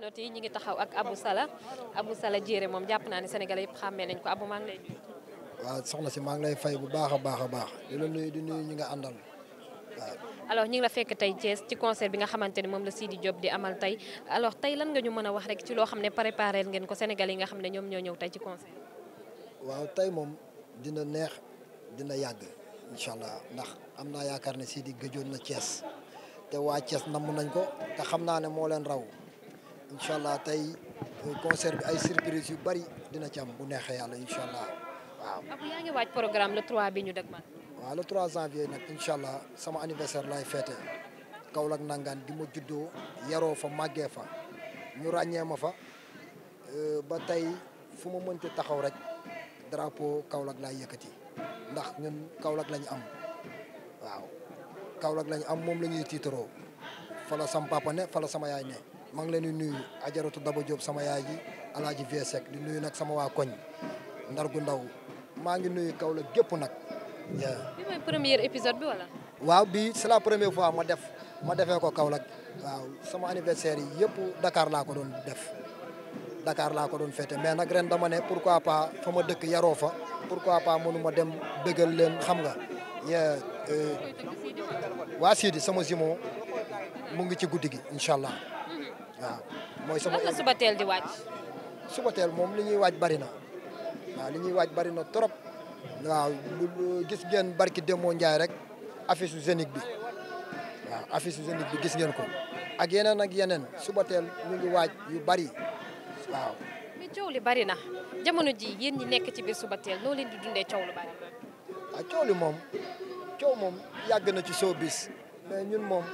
internet yi ñu ngi taxaw ak abu Salla abu Salla Diéré moom jàpp naa ne Sénégalais yëpp xàmmee nañ ko Abou maa ngi lay waaw soxna si maa ngi lay fay bu baax a baax a baax di la nuyu di ñi nga àndal waaw. ñu ngi la fekk tey Thiès ci concert bi nga xamante ne moom la Sidi Diop di amal tey alors tey lan nga ñu mën a wax rek ci loo xam ne préparé ngeen ko Sénégalais yi nga xam ne ñoom ñoo ñëw tey ci concert. waaw tey moom dina neex dina yàgg incha allah ndax am naa yaakaar ne Sidi gëjoon na Thiès te waa Thiès namm nañ ko te xam naa ne moo leen raw incha allah tey eh, concert ay surprise yu bari dina ci am bu neexee yàlla incha allah waaw. ab yaa programme le bi ñu dëgg man. waaw le 3 janvier nag incha allah sama anniversaire lay féete Kaolack nangaan di ma juddoo yaroo fa màggee fa ñu ràññee ma fa eh, ba tey fu ma mënti taxaw rek drapeau Kaolack laay yëkkati ndax ñun Kaolack lañu am waaw Kaolack lañu am moom la ñuy tiitaroo fa la sama papa ne fa la sama yaay ne. maa ngi leen di nuyu ajaratu Daba Diop sama yaay ji alaaji vie sec di nuyu nag sama waa koñ ndar gu ndaw maa ngi nuyu kaw la gépp nag. bi mooy bi wala. waaw c'est la première fois ma def ma defee ko Kaolack waaw sama anniversaire yi yëpp Dakar laa ko doon def Dakar laa ko doon fete mais nag ren dama ne pourquoi pas fa ma dëkk yaroo fa pourquoi pas mënu ma dem bëggal leen xam nga. Euh, waa Sidi sama jumeau mu ngi ci guddi gi incha allah. waaw mooy sama lan la di waaj suba moom li ñuy waaj bari na waaw li ñuy waaj bari na trop waaw gis ngeen barki Demba Ndiaye rek affiche su Zénith bi waaw affiche su Zénith bi gis ngeen ko ak yeneen ak yeneen suba teel ñu ngi waaj yu bari waaw. mais coow li bari na jamono ji yéen ñi nekk ci biir suba teel noo leen di dundee coow lu bari. ah coow li moom coow moom yàgg na ci showbiz mais ñun moom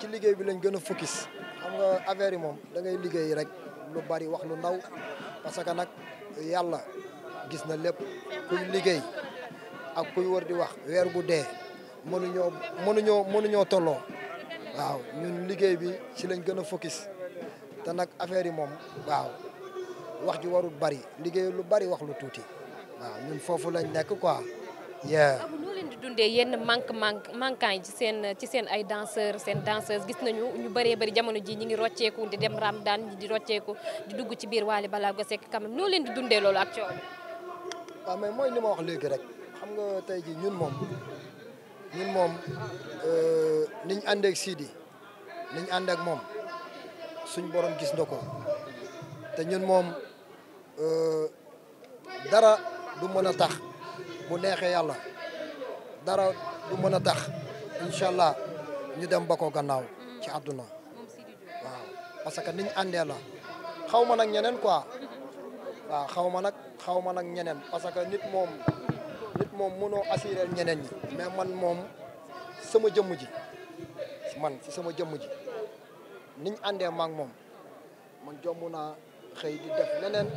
ci liggéey bi lañ gën a fukkis xam nga yi moom da ngay liggéey rek lu bari wax lu ndaw parce que nag yàlla gis na lépp kuy liggéey ak kuy war di wax weer bu dee mënuñoo mënuñoo mënuñoo tolloo waaw ñun liggéey bi si lañ gën a focus te nag affaire yi moom waaw wax ji warul bari liggéey lu bari wax lu tuuti waaw ñun foofu lañ nekk quoi. amu noo leen di dundee yenn manque manque manquant yi ci seen ci seen ay danseur seen danseuse gis nañu ñu bëree bëri jamono ji ñi ngi rocceeku di dem Ramadan ñi di rocceeku di dugg ci biir Wally Ballago Seck quand même noo leen di dundee loolu ak coono. waaw mais mooy li ma wax léegi rek xam nga tey ji ñun moom ñun moom euh, niñ ànd ak Sidi niñ ànd moom suñ borom gis na ko te ñun moom euh, dara du mën a tax. bu neexee yàlla dara du mën a tax incha allah ñu dem ba ko gannaaw ci àdduna waaw parce que niñ àndee la xaw ma nag ñeneen quoi waaw xaw ma nag xaw ma nag ñeneen parce que nit moom nit moom mënoo assurer ñeneen ñi mais man moom sama jëmm ji man si sama jëmm ji niñ àndee mag moom man jomb naa xëy di def leneen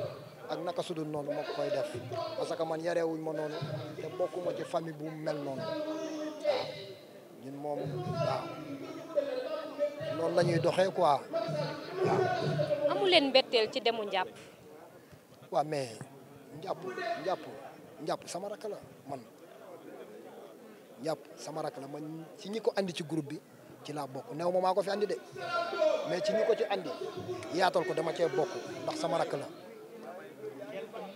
ak naka su dul noonu moo koy def parce que man yarewuñ ma noonu te bokkuma ci famille bu mel noonu waaw ñun moom waaw noonu la ñuy doxee quoi waaw. mbetteel ci demu njàpp. waa mais njàpp njàpp njàpp sama rakk la man njàpp sama rakk la man ci ñi ko andi ci groupe bi ci laa bokk new ma maa ko fi andi de mais ci ñi ko ci andi yaatal ko dama cee bokk ndax sama rakk la.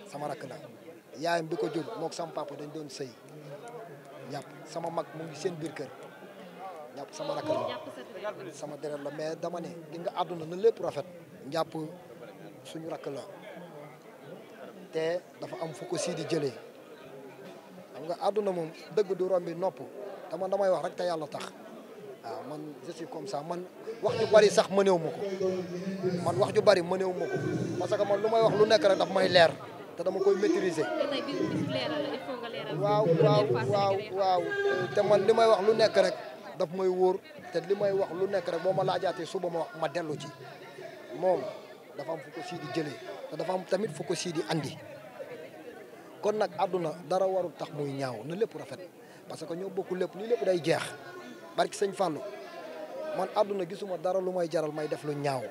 sama rakk la yaayam bi ko jur mook sama papa dañ doon sëy ñàpp sama mag mu ngi seen biir kër sama la sama deret la mais dama ne àdduna na lépp rafet njàpp suñu rakk la te dafa am fu ko sii di jëlee xam nga àdduna moom dëgg du rombi nopp dama damay wax rek te yàlla tax waaw man je comme ça man wax ju bari sax mëneewu ma ko man wax ju bari mëneewu ma ko parce man lu may wax lu nekk rek daf may leer te dama koy maîtriser. waaw waaw waaw te man li may wax lu nekk rek dafa may wóor te li may wax lu nekk rek boo ma laajaatee suba ma wax ma dellu ci moom dafa am fu ko di jëlee te dafa am tamit fu ko sii Sidi andi kon nag àdduna dara warul tax muy ñaaw na lépp rafet parce que ñoo bokk lépp ni lépp day jeex barki sëñ Fallou man àdduna gisuma dara lu may jaral may def lu ñaaw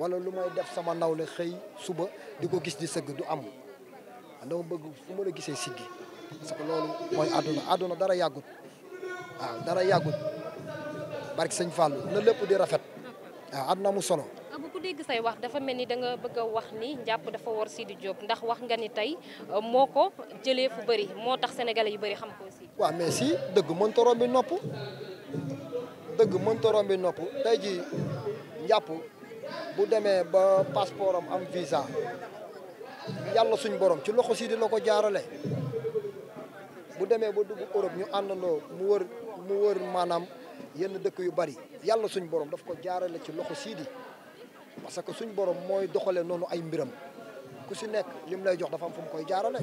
wala lu may def sama nawle xëy suba di ko gis di sëgg du am dama bëgg fu ma la gisee siggi parce que loolu mooy àdduna àdduna dara yàggut waaw dara yàggut barke sëñ Fallou na lépp di rafet waaw àdduna mu solo. bu dégg say wax dafa mel ni danga nga bëgg a wax ni njàpp dafa war Sidi Diop ndax wax nga ni tey euh, moo ko jëlee fu bari moo tax sénégalais yu bari xam ko aussi. waaw mais si dëgg mën mënta bi nopp dëgg mënta bi nopp tey ji njàpp bu demee ba passeport am am visa. yàlla suñ borom ci loxo Sidi la ko jaarale bu demee ba dugg Europe ñu àndandoo mu wër mu wër maanaam yenn dëkk yu bari yàlla suñ borom daf ko jaarale ci loxo siidi parce que suñ borom mooy doxalee noonu ay mbiram ku si nekk lim lay jox dafa am fu mu koy jaarale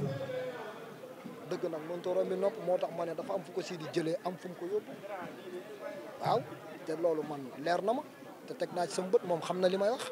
dëgg nag noonu tooro mi nopp moo tax ma ne dafa am fu ko Sidi jëlee am fu mu ko yóbbu waaw te loolu man leer na ma te teg naa ci sama bët moom xam na li may wax.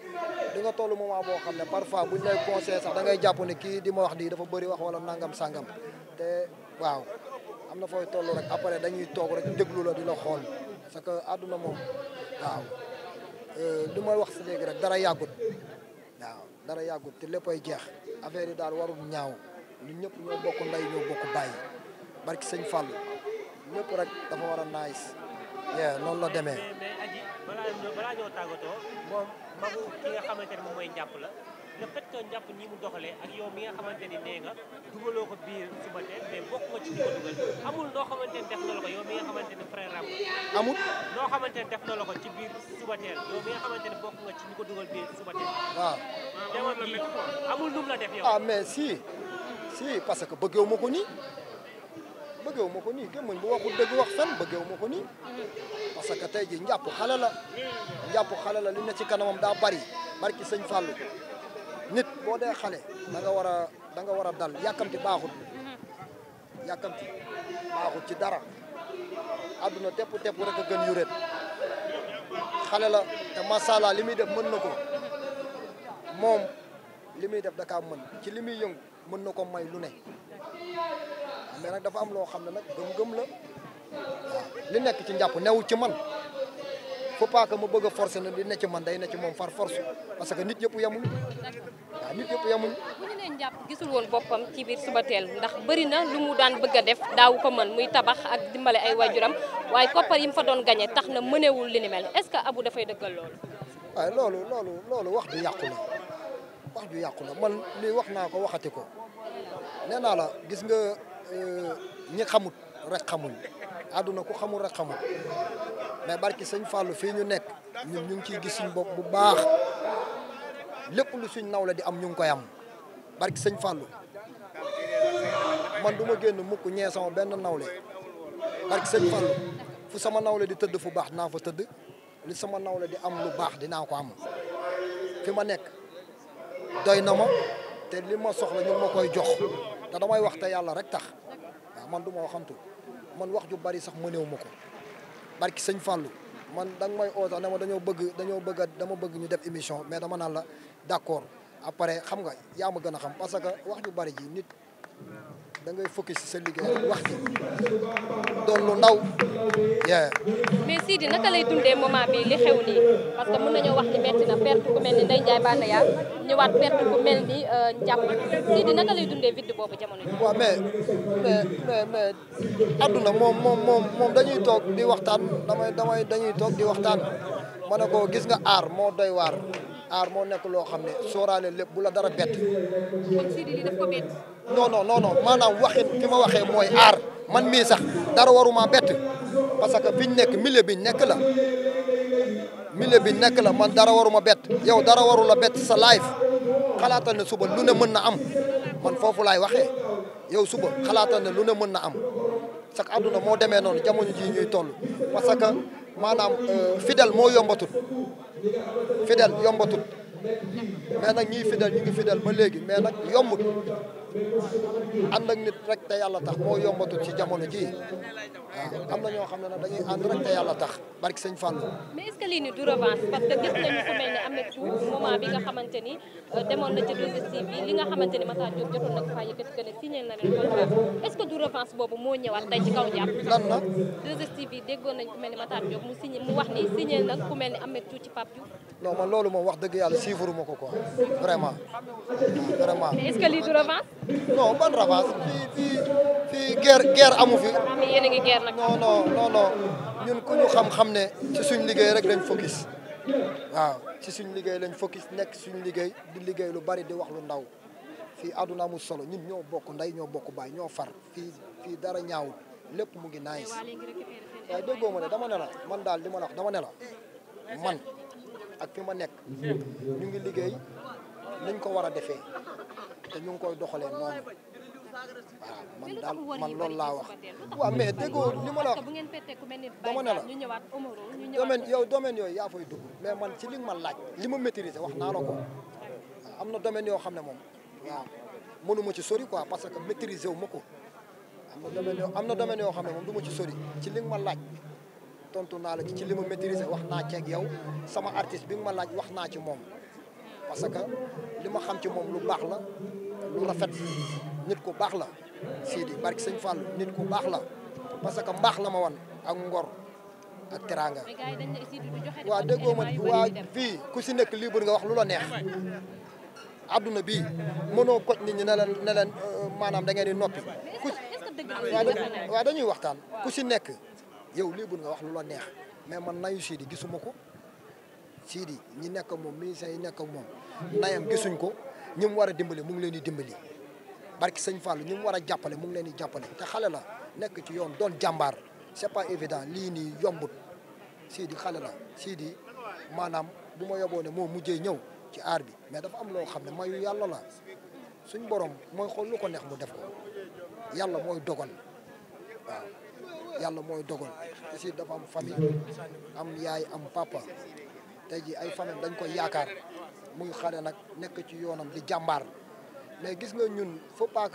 di nga toll moment boo xam ne parfois buñ lay conseillé sax da ngay jàpp ne kii di ma wax di dafa bëri wax wala nangam sangam te waaw am na fooy toll rek après dañuy toog rek déglu la di la xool parce que àdduna moom waaw euh, du ma wax léegi rek dara yàggut waaw dara yàggut te léppay jeex affaire yi daal warul ñaaw ñëpp ñoo bokk ndey ñoo bokk bàyyi barki sëñ Fallou lépp rek dafa war a nice yeah noonu la demee ñoo balaa ñoo tàggatoo moom magu ki nga xamante ne moom mooy njàpp la le fait que njàpp ni mu doxalee ak yow mi nga xamante ni nee nga dugaloo ko biir suba teel ma bokk nga ci ñi ko dugal amul noo xamante ni def na la nga xamante ni frère am amul noo xamante ni def na la ko ci biir suba teel yow mi nga bokk nga ci ñi ko dugal biir suba teel waaw jamono amul num la def yow ah mais si si parce que bëggeewu ma ko nii bëggeewu ma ko nii gémmañ bu waxul dëgg wax fen bëggeewu ma ko nii parce que tey ji njàpp xale la njàpp xale la li ne ci kanamam daa bari barki sëñ Fallou nit boo dee xale danga nga war a da war a dal yàkkamti baaxut yàkkamti baaxut ci dara àdduna tepp tepp rek a gën yuréet xale la te masala li muy def mën na ko moom li muy def da mën ci li muy yëngu mën na ko may lu ne mais nag dafa am loo xam ne nag gëm-gëm la li nekk ci njàpp new ci man faut pas que ma bëgg a forcer ne li ci man day ne ci moom far force parce que nit yëpp yemuñ waaw nit yëpp yemuñ. bu ñu leen jàpp gisul woon boppam ci biir Subatel ndax bëri na lu mu daan bëgg a def daawu ko mën muy tabax ak dimbale ay waajuram waaye koppar yi mu fa doon gañe tax na mënewul li ni mel est-ce que Abou dafay dëggal loolu. waaw loolu loolu loolu wax du yàqu la wax du yàqu la man wax naa ko waxati ko Euh, ñi xamut rek xamuñ àdduna ku xamul rek xamut mais barki sëñ Fallou fii ñu nekk ñun ñu ngi ciy gis suñ bokk bu baax lépp lu suñ naw di am ñu ngi koy am barki sañ Fallou man du ma génn mukk ñee sama benn nawle barki sañ Fallou fu sama nawle di tëdd fu baax naa fa tëdd li sama nawle di am lu baax dinaa ko am fi ma nekk doy na ma te li ma soxla ñu ma koy jox te damay wax te yàlla rek tax waaw man du ma waxantu man wax ju bari sax mëneewu ma ko barki sëñ Fallou man da nga may oo sax ne ma dañoo bëgg dañoo bëgg dama bëgg ñu def émission mais dama naan la d'accord après xam nga yaa ma gën a xam parce que wax ju bari ji nit dangay ngay si sa liggéey ak wax ji doon lu ndaw. mais Sidi naka lay dundee moment bi li xew nii parce que mën nañoo wax ni metti na perte ku mel ni Ndeye Ndiaye Banaya euh, naka lay dundee vide boobu jamono ji. waaw mais mais mais adduna moom moom moom dañuy toog di waxtaan damay damay dañuy toog di waxtaan ma ne gis nga aar moo doy waar. aar moo nekk loo xam ne sóoraale lépp bu la dara bett. non non non non maanaam waxin fi ma waxee mooy aar man mii sax dara waruma bett parce que fi ñu nekk milieu bi nekk la milieu bi nekk la man dara waruma bett yow dara waru la bett sa life xalaatal ne suba lu ne mën na am man foofu laay waxee yow suba xalaatal ne lu ne mën na am sax àdduna moo demee noonu jamono jii ñuy toll parce que. maanaam euh, fidèle moo yombatul fidèle yombatul mais nag ñiy fidèle ñu ngi fidèle ba léegi mais nag yombut ànd ak nit rek te yàlla tax moo yombatu ci jamono ji waaw am na ñoo xam ne nag dañuy ànd rek te yàlla tax barki sëñ Fallou. mais est-ce lii du revanche parce que gis nañu ku mel ne am na tuut xamante ni euh, demoon na ci du boobu moo ñëwaat tey ci kaw jàpp. déggoon nañ ku mel mu wax ni signé na ku mel ni am na ci Pape Diouf. non loolu moom wax dëgg yàlla suivre ma ko quoi vraiment. vraiment mais est du revanche. non ban revanche fii fii fii guerre guerre amu fi. yéen a ngi guerre nag. non non non non ñun ku ne ci liggéey rek lañ focus waaw ci suñ liggéey lañ focus nekk suñ liggéey di liggéey lu bari di wax lu ndaw fii àdduna mu solo ñun ñoo bokk ndey ñoo bokk baay ñoo far fii fii dara ñaawul lépp mu ngi nice. waaye déggoo ma ne dama ne la man daal li ma la dama ne la man ak fi ma nekk ñu ngi liggéey niñ ko war a defee. te ñu ngi koy doxalee noonu waaw man daal man loolu laa wax. waaw mais déggoo li ma la wax dama ne la domaine yow domaine yooyu yaa fay dugg mais man ci li ma laaj li ma maîtriser wax naa la ko am na domaine yoo xam ne moom waaw mënu ma ci sori quoi parce que maîtriser wu ma ko am na domaine yoo am na domaine yoo xam ne moom du ma ci sori ci li ma laaj. tontu naa la ci li ma maîtriser wax naa ceeg yow sama artiste bi nga ma laaj wax naa ci moom parce que li ma xam ci moom lu baax la lu rafet nit ku baax la Sidi barki sañ Fallou nit ku baax la parce que mbaax la ma wan ak ngor ak teraanga waa dëggoo ma waa fii ku si nekk libre nga wax lu la neex adduna bii mënoo koj nit ñu ne leen ne leen euh, maanaam da ngeen di noppi ku dañuy waxtaan ku si nekk yow libre nga wax lu la neex mais man nayu Sidi gisuma ko Sidi ñi nekk moom ministère yi nekk moom nayam gisuñ ko ñi mu war a dimbali mu ngi leen di dimbali barki sëñ Fallou ñi mu war a jàppale mu ngi leen di jàppale te xale la nekk ci yoon doon jàmbaar c'est pas évident lii nii yombut sii di xale la sii di maanaam bu ma yoboo ne moo mujjee ñëw ci aar bi mais dafa am loo xam ne mayu yàlla la suñ borom mooy xool lu ko neex mu def ko yàlla mooy dogal waaw yàlla mooy dogal aussi dafa am famille am yaay am papa te ji ay famille dañ koy yaakaar muy xare nag nekk ci yoonam di jàmbaar mais gis nga ñun faut pas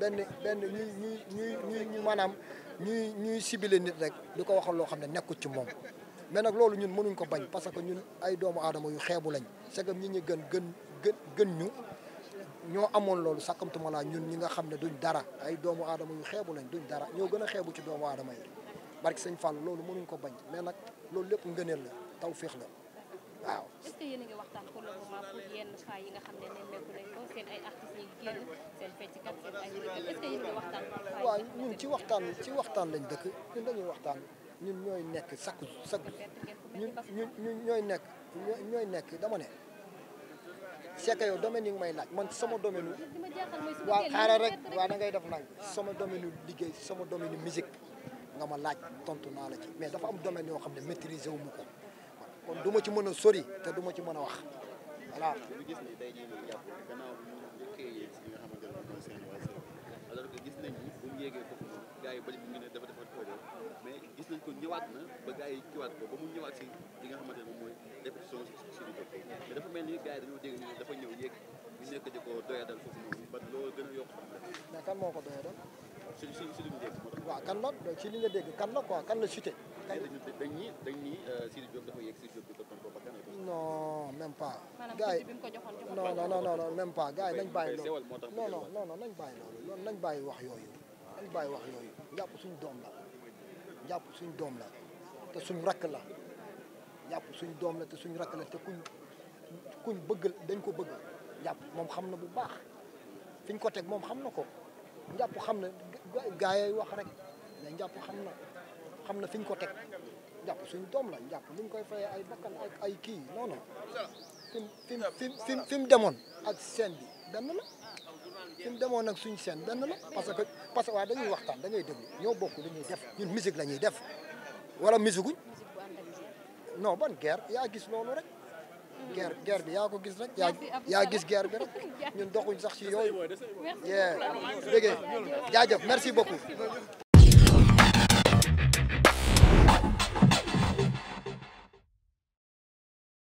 benn benn ñuy ñuy ñuy ñuy ñu maanaam ñuy ñuy ciblé nit rek di ko waxal loo xam ne nekkul ci moom mais nag loolu ñun mënuñ ko bañ parce que ñun ay doomu aadama yu xeebu lañ sagam ñi gën gën gën gën ñu ñoo amoon loolu sàkkamtuma laa ñun ñi nga xam ne duñ dara ay doomu aadama yu xeebu lañ duñ dara ñoo gën a xeebu ci doomu aadama yi barki sañ Fall loolu mënuñ ko bañ mais nag loolu lépp ngëneel la féex la waaw. est-ce que yéen ay artistes yi génn waxtaan. waaw ñun ci waxtaan ci waxtaan lañ dëkk ñun dañuy waxtaan ñun ñooy nekk sakku sakku ñun ñun ñooy nekk ñooy nekk dama ne. c'est que yow domaine yi nga may laaj man sama domaine lu waaw xaaral rek waa da ngay def nag sama domaine lu liggéey sama domaine musique nga ma laaj tontu naa la ci mais dafa am domaine yoo xam ne maîtriser wu ma ko. kon du ma ci mën a sori te du ma ci mën a wax voilà. alors que gis nañ ni bu mu yéegee foofu noonu gars yi bëri mu ngi ne dafa defar projet mais gis nañ ko ñëwaat na ba gars yi kiwaat ko ba mu ñëwaat si li nga xamante ne moom mooy répétition si si niveau mais dafa mel ni gars yi dañoo dégg ñu ne dafa ñëw yéeg ñu nekk di ko doyadal foofu noonu ba loolu gën a yokk xam mais kan moo ko doyadal si si si li ñu dégg waaw kan la ci li nga dégg kan la quoi kan la cité Euh, non même pas. gars yi non non non non même pas gars yi nañ bàyyi loolu. non non non non nañ bàyyi loolu loolu nañ bàyyi wax yooyu. nañ bàyyi wax yooyu jàpp suñ doom la jàpp suñ doom la te suñ rakk la jàpp suñ doom la te suñ rakk la te kuñ kuñ bëgg dañ ko bëgg jàpp moom xam na bu baax fi ñu ko teg moom xam na ko jàpp xam na gaa yi wax rek mais xam na. xam na fi ñu ko teg jàpp suñu doom la jàpp ni koy fayee ay bakkan ak ay kii non non fi mu demoon ak seen bi benn la fi demoon ak suñu seen benn la parce que parce que waaye dañuy waxtaan dañuy déglu ñoo bokk lu ñuy def ñun musique la ñuy def wala misikuñ non ban guerre yaa gis loolu rek. guerre bi yaa ko gis rek yaa yaa gis guerre bi rek ñun doxuñ sax ci yooyu. yee dégg jaajëf merci beaucoup.